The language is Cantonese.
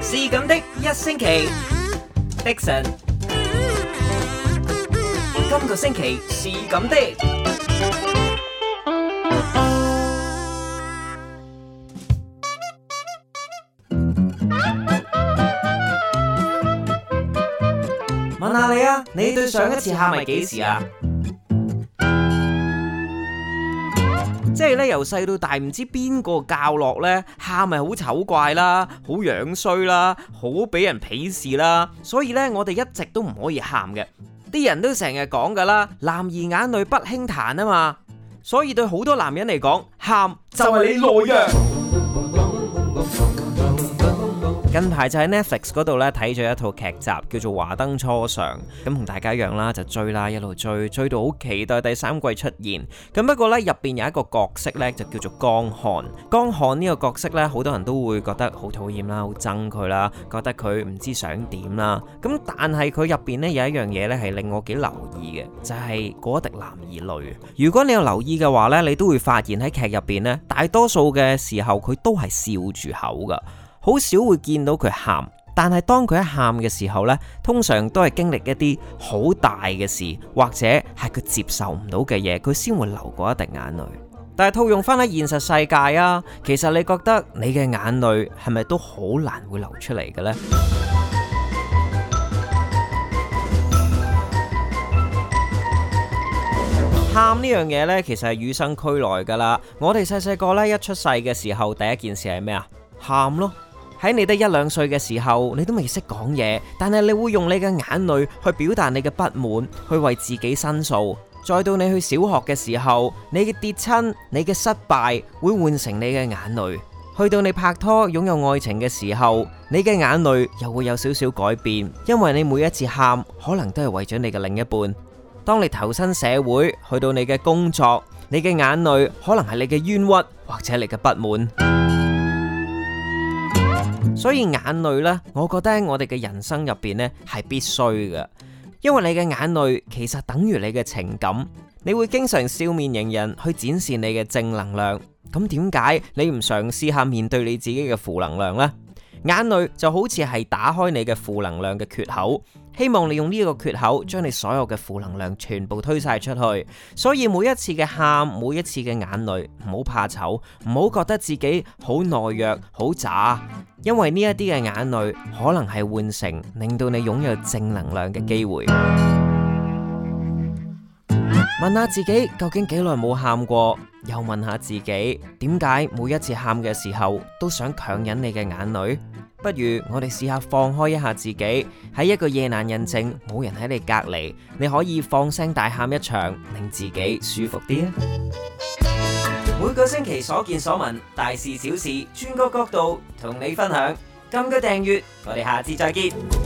是咁的，一星期，Dixon，今個星期是咁的。問下你啊，你對上一次喊係幾時啊？即係咧，由細到大唔知邊個教落呢，喊咪好醜怪啦，好樣衰啦，好俾人鄙視啦，所以呢，我哋一直都唔可以喊嘅。啲人都成日講噶啦，男兒眼淚不輕彈啊嘛，所以對好多男人嚟講，喊就係你懦弱。近排就喺 Netflix 嗰度咧睇咗一套劇集，叫做《華燈初上》。咁同大家一樣啦，就追啦，一路追，追到好期待第三季出現。咁不過咧，入邊有一個角色呢，就叫做江漢。江漢呢個角色呢，好多人都會覺得好討厭啦，好憎佢啦，覺得佢唔知想點啦。咁但係佢入邊咧有一樣嘢呢，係令我幾留意嘅，就係、是、嗰滴男兒淚。如果你有留意嘅話呢，你都會發現喺劇入邊呢，大多數嘅時候佢都係笑住口噶。好少會見到佢喊，但係當佢一喊嘅時候呢，通常都係經歷一啲好大嘅事，或者係佢接受唔到嘅嘢，佢先會流過一滴眼淚。但係套用翻喺現實世界啊，其實你覺得你嘅眼淚係咪都好難會流出嚟嘅呢？喊呢樣嘢呢，其實係與生俱來噶啦。我哋細細個呢，一出世嘅時候，第一件事係咩啊？喊咯。喺你得一兩歲嘅時候，你都未識講嘢，但係你會用你嘅眼淚去表達你嘅不滿，去為自己申訴。再到你去小學嘅時候，你嘅跌親、你嘅失敗，會換成你嘅眼淚。去到你拍拖、擁有愛情嘅時候，你嘅眼淚又會有少少改變，因為你每一次喊，可能都係為咗你嘅另一半。當你投身社會，去到你嘅工作，你嘅眼淚可能係你嘅冤屈或者你嘅不滿。所以眼淚呢，我覺得喺我哋嘅人生入邊呢係必須嘅，因為你嘅眼淚其實等於你嘅情感，你會經常笑面迎人去展示你嘅正能量。咁點解你唔嘗試下面對你自己嘅負能量呢？眼淚就好似係打開你嘅負能量嘅缺口。希望你用呢個缺口，將你所有嘅負能量全部推晒出去。所以每一次嘅喊，每一次嘅眼淚，唔好怕醜，唔好覺得自己好懦弱、好渣。因為呢一啲嘅眼淚，可能係換成令到你擁有正能量嘅機會。問下自己究竟幾耐冇喊過？又問下自己，點解每一次喊嘅時候都想強忍你嘅眼淚？不如我哋試下放開一下自己，喺一個夜闌人靜，冇人喺你隔籬，你可以放聲大喊一場，令自己舒服啲啊！ 每個星期所見所聞，大事小事，專個角度同你分享。撳個訂閱，我哋下次再見。